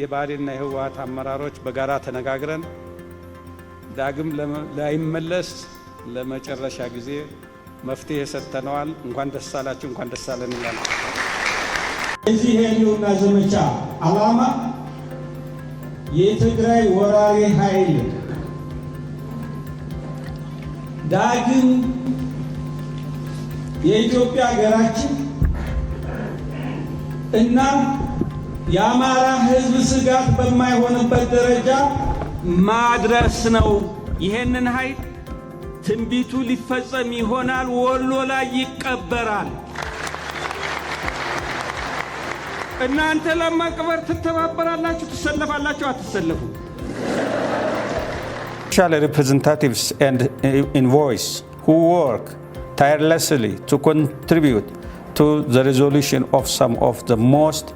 የብአዴንና የህወሀት አመራሮች በጋራ ተነጋግረን ዳግም ላይመለስ ለመጨረሻ ጊዜ መፍትሄ ሰጥተነዋል። እንኳን ደስ አላችሁ፣ እንኳን ደስ አለን እንላለን። የዚህ የህልውና ዘመቻ ዓላማ የትግራይ ወራሪ ኃይል ዳግም የኢትዮጵያ ሀገራችን እና የአማራ ህዝብ ስጋት በማይሆንበት ደረጃ ማድረስ ነው። ይሄንን ኃይል ትንቢቱ ሊፈጸም ይሆናል። ወሎ ላይ ይቀበራል። እናንተ ለማቅበር ትተባበራላችሁ፣ ትሰለፋላችሁ፣ አትሰለፉ ሻል ሪፕሬዘንታቲቭስ ኤንድ ኢንቮይስ who work tirelessly to contribute to the resolution of some of the most